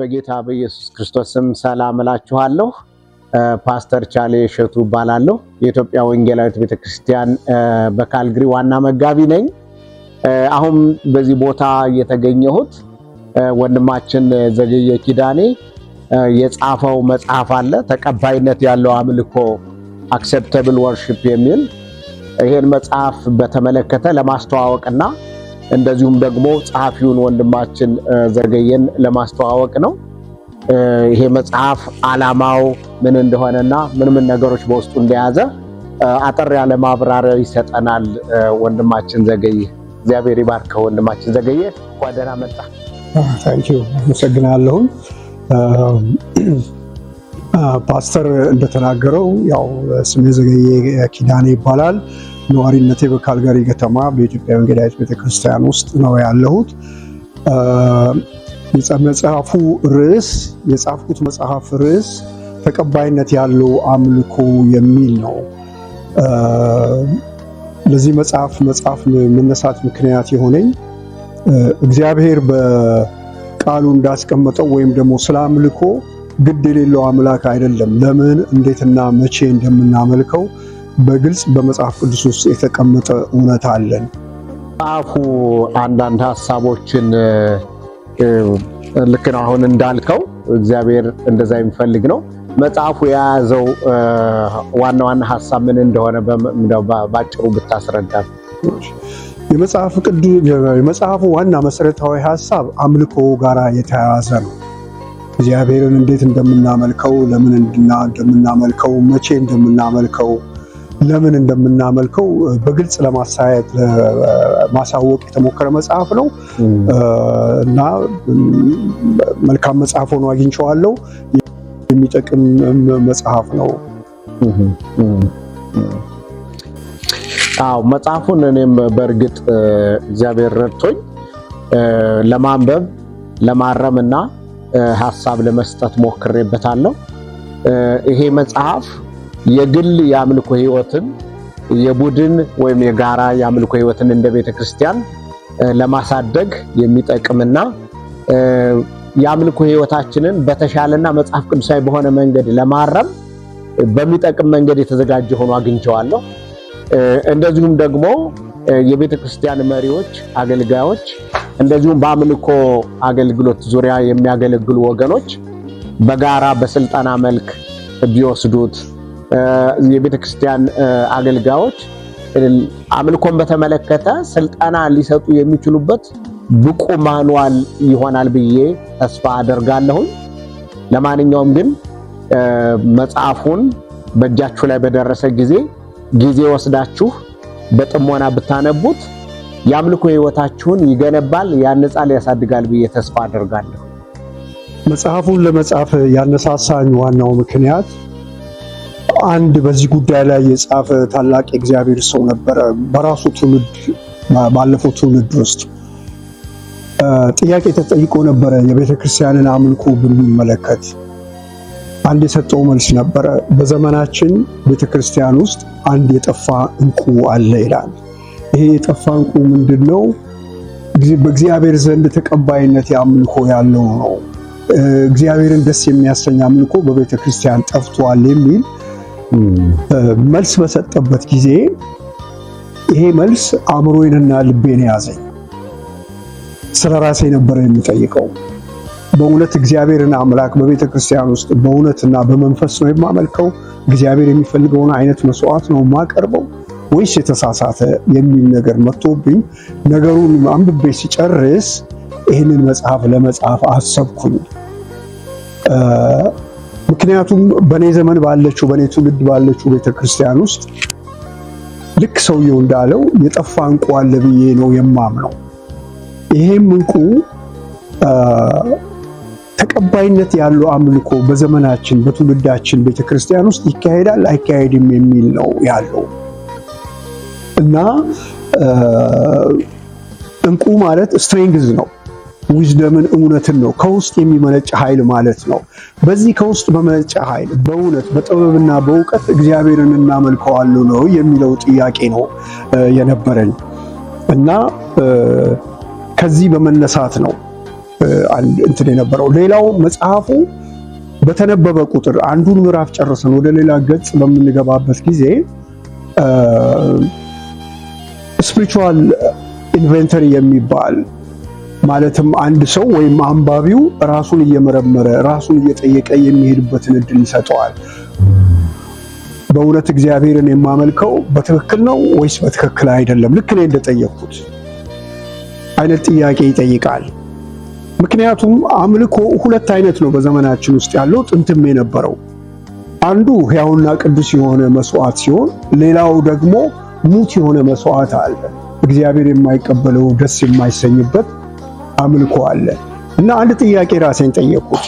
በጌታ በኢየሱስ ክርስቶስ ስም ሰላም እላችኋለሁ። ፓስተር ቻሌ እሸቱ እባላለሁ። የኢትዮጵያ ወንጌላዊት ቤተክርስቲያን በካልግሪ ዋና መጋቢ ነኝ። አሁን በዚህ ቦታ የተገኘሁት ወንድማችን ዘገየ ኪዳኔ የጻፈው መጽሐፍ አለ ተቀባይነት ያለው አምልኮ አክሴፕተብል ወርሺፕ የሚል ይህን መጽሐፍ በተመለከተ ለማስተዋወቅና እንደዚሁም ደግሞ ጸሐፊውን ወንድማችን ዘገየን ለማስተዋወቅ ነው። ይሄ መጽሐፍ ዓላማው ምን እንደሆነና ምን ምን ነገሮች በውስጡ እንደያዘ አጠር ያለ ማብራሪያ ይሰጠናል ወንድማችን ዘገየ። እግዚአብሔር ይባርከ ወንድማችን ዘገየ፣ እንኳን ደህና መጣ። ታንኪዩ አመሰግናለሁ። ፓስተር እንደተናገረው ያው ስሜ ዘገየ ኪዳኔ ይባላል። ነዋሪነቴ በካልጋሪ ከተማ በኢትዮጵያ ወንጌላዊት ቤተክርስቲያን ውስጥ ነው ያለሁት። መጽሐፉ ርዕስ የጻፍኩት መጽሐፍ ርዕስ ተቀባይነት ያለው አምልኮ የሚል ነው። ለዚህ መጽሐፍ መጽሐፍ መነሳት ምክንያት የሆነኝ እግዚአብሔር በቃሉ እንዳስቀመጠው ወይም ደግሞ ስለ አምልኮ ግድ የሌለው አምላክ አይደለም። ለምን እንዴትና መቼ እንደምናመልከው በግልጽ በመጽሐፍ ቅዱስ ውስጥ የተቀመጠ እውነት አለን። መጽሐፉ አንዳንድ ሀሳቦችን ልክ ነው አሁን እንዳልከው እግዚአብሔር እንደዛ የሚፈልግ ነው። መጽሐፉ የያዘው ዋና ዋና ሀሳብ ምን እንደሆነ ባጭሩ ብታስረዳ። የመጽሐፍ የመጽሐፉ ዋና መሰረታዊ ሀሳብ አምልኮ ጋራ የተያያዘ ነው። እግዚአብሔርን እንዴት እንደምናመልከው፣ ለምን እንደምናመልከው፣ መቼ እንደምናመልከው ለምን እንደምናመልከው በግልጽ ለማሳየት ለማሳወቅ የተሞከረ መጽሐፍ ነው እና መልካም መጽሐፍ ሆኖ አግኝቼዋለሁ። የሚጠቅም መጽሐፍ ነው። አዎ መጽሐፉን እኔም በእርግጥ እግዚአብሔር ረድቶኝ ለማንበብ ለማረም እና ሀሳብ ለመስጠት ሞክሬበታለሁ። ይሄ መጽሐፍ የግል የአምልኮ ህይወትን የቡድን ወይም የጋራ የአምልኮ ህይወትን እንደ ቤተ ክርስቲያን ለማሳደግ የሚጠቅምና የአምልኮ ህይወታችንን በተሻለና መጽሐፍ ቅዱሳዊ በሆነ መንገድ ለማረም በሚጠቅም መንገድ የተዘጋጀ ሆኖ አግኝቸዋለሁ። እንደዚሁም ደግሞ የቤተ ክርስቲያን መሪዎች፣ አገልጋዮች እንደዚሁም በአምልኮ አገልግሎት ዙሪያ የሚያገለግሉ ወገኖች በጋራ በስልጠና መልክ ቢወስዱት የቤተ ክርስቲያን አገልጋዮች አምልኮን በተመለከተ ስልጠና ሊሰጡ የሚችሉበት ብቁ ማንዋል ይሆናል ብዬ ተስፋ አደርጋለሁኝ። ለማንኛውም ግን መጽሐፉን በእጃችሁ ላይ በደረሰ ጊዜ ጊዜ ወስዳችሁ በጥሞና ብታነቡት የአምልኮ ሕይወታችሁን ይገነባል፣ ያነጻል፣ ያሳድጋል ብዬ ተስፋ አደርጋለሁ። መጽሐፉን ለመጻፍ ያነሳሳኝ ዋናው ምክንያት አንድ በዚህ ጉዳይ ላይ የጻፈ ታላቅ የእግዚአብሔር ሰው ነበረ። በራሱ ትውልድ ባለፈው ትውልድ ውስጥ ጥያቄ ተጠይቆ ነበረ። የቤተ ክርስቲያንን አምልኮ ብንመለከት አንድ የሰጠው መልስ ነበረ። በዘመናችን ቤተ ክርስቲያን ውስጥ አንድ የጠፋ እንቁ አለ ይላል። ይሄ የጠፋ እንቁ ምንድን ነው? በእግዚአብሔር ዘንድ ተቀባይነት አምልኮ ያለው ነው። እግዚአብሔርን ደስ የሚያሰኝ አምልኮ በቤተ ክርስቲያን ጠፍቷል የሚል መልስ በሰጠበት ጊዜ ይሄ መልስ አእምሮዬንና ልቤን የያዘኝ ስለ ራሴ ነበረ የሚጠይቀው። በእውነት እግዚአብሔርን አምላክ በቤተ ክርስቲያን ውስጥ በእውነትና በመንፈስ ነው የማመልከው? እግዚአብሔር የሚፈልገውን አይነት መስዋዕት ነው የማቀርበው ወይስ የተሳሳተ የሚል ነገር መጥቶብኝ ነገሩን አንብቤ ሲጨርስ ይህንን መጽሐፍ ለመጽሐፍ አሰብኩኝ። ምክንያቱም በእኔ ዘመን ባለችው በእኔ ትውልድ ባለችው ቤተክርስቲያን ውስጥ ልክ ሰውየው እንዳለው የጠፋ እንቁ አለ ብዬ ነው የማምነው። ይሄም እንቁ ተቀባይነት ያለው አምልኮ በዘመናችን በትውልዳችን ቤተክርስቲያን ውስጥ ይካሄዳል አይካሄድም የሚል ነው ያለው እና እንቁ ማለት ስትሬንግዝ ነው። ዊዝደምን እውነትን ነው። ከውስጥ የሚመነጭ ኃይል ማለት ነው። በዚህ ከውስጥ በመነጨ ኃይል በእውነት በጥበብና በእውቀት እግዚአብሔርን እናመልከዋሉ ነው የሚለው ጥያቄ ነው የነበረን እና ከዚህ በመነሳት ነው እንትን የነበረው። ሌላው መጽሐፉ በተነበበ ቁጥር አንዱን ምዕራፍ ጨርሰን ወደ ሌላ ገጽ በምንገባበት ጊዜ ስፒሪቹዋል ኢንቨንተሪ የሚባል ማለትም አንድ ሰው ወይም አንባቢው ራሱን እየመረመረ ራሱን እየጠየቀ የሚሄድበትን እድል ይሰጠዋል። በእውነት እግዚአብሔርን የማመልከው በትክክል ነው ወይስ በትክክል አይደለም? ልክ እኔ እንደጠየቅኩት አይነት ጥያቄ ይጠይቃል። ምክንያቱም አምልኮ ሁለት አይነት ነው በዘመናችን ውስጥ ያለው ጥንትም የነበረው አንዱ ሕያውና ቅዱስ የሆነ መስዋዕት ሲሆን፣ ሌላው ደግሞ ሙት የሆነ መስዋዕት አለ። እግዚአብሔር የማይቀበለው ደስ የማይሰኝበት አምልኮ አለ እና አንድ ጥያቄ ራሴን ጠየቅኩት።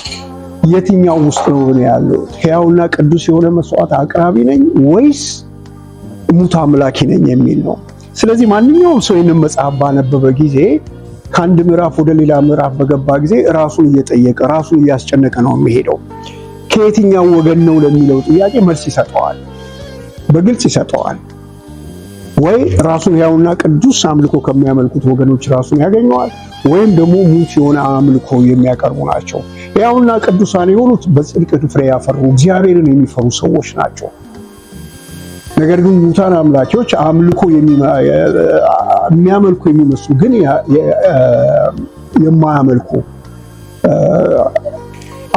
የትኛው ውስጥ ነው ሆነ ያለሁት? ሕያውና ቅዱስ የሆነ መስዋዕት አቅራቢ ነኝ ወይስ ሙት አምላኪ ነኝ የሚል ነው። ስለዚህ ማንኛውም ሰው ይህንን መጽሐፍ ባነበበ ጊዜ ከአንድ ምዕራፍ ወደ ሌላ ምዕራፍ በገባ ጊዜ ራሱን እየጠየቀ ራሱን እያስጨነቀ ነው የሚሄደው። ከየትኛው ወገን ነው ለሚለው ጥያቄ መልስ ይሰጠዋል፣ በግልጽ ይሰጠዋል። ወይ ራሱን ያውና ቅዱስ አምልኮ ከሚያመልኩት ወገኖች ራሱን ያገኘዋል፣ ወይም ደግሞ ሙት የሆነ አምልኮ የሚያቀርቡ ናቸው። ያውና ቅዱሳን የሆኑት በጽድቅ ፍሬ ያፈሩ እግዚአብሔርን የሚፈሩ ሰዎች ናቸው። ነገር ግን ሙታን አምላኪዎች አምልኮ የሚያመልኩ የሚመስሉ ግን የማያመልኩ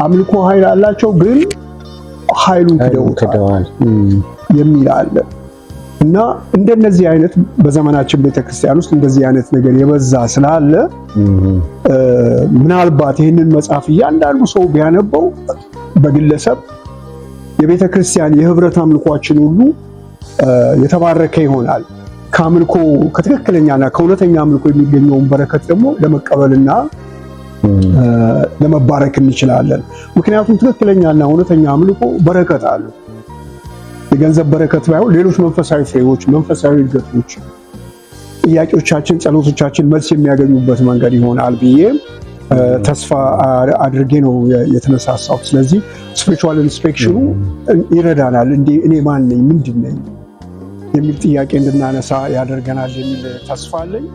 አምልኮ ኃይል አላቸው፣ ግን ኃይሉን ክደውታል የሚል አለን። እና እንደነዚህ አይነት በዘመናችን ቤተክርስቲያን ውስጥ እንደዚህ አይነት ነገር የበዛ ስላለ ምናልባት ይህንን መጽሐፍ እያንዳንዱ ሰው ቢያነበው በግለሰብ የቤተክርስቲያን የህብረት አምልኳችን ሁሉ የተባረከ ይሆናል። ከአምልኮ ከትክክለኛና ከእውነተኛ አምልኮ የሚገኘውን በረከት ደግሞ ለመቀበልና ለመባረክ እንችላለን። ምክንያቱም ትክክለኛና እውነተኛ አምልኮ በረከት አለው። የገንዘብ በረከት ባይሆን ሌሎች መንፈሳዊ ፍሬዎች፣ መንፈሳዊ እድገቶች፣ ጥያቄዎቻችን፣ ጸሎቶቻችን መልስ የሚያገኙበት መንገድ ይሆናል ብዬ ተስፋ አድርጌ ነው የተነሳሳው። ስለዚህ ስፒሪቹዋል ኢንስፔክሽኑ ይረዳናል። እኔ ማን ነኝ፣ ምንድን ነኝ የሚል ጥያቄ እንድናነሳ ያደርገናል የሚል ተስፋ አለኝ።